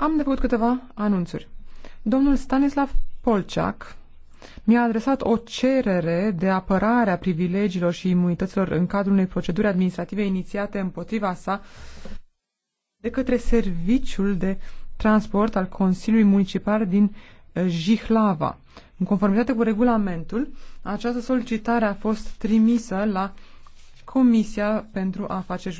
Am de făcut câteva anunțuri. Domnul Stanislav Polciac mi-a adresat o cerere de apărare a privilegiilor și imunităților în cadrul unei proceduri administrative inițiate împotriva sa de către Serviciul de Transport al Consiliului Municipal din eh, Jihlava. În conformitate cu regulamentul, această solicitare a fost trimisă la Comisia pentru Afaceri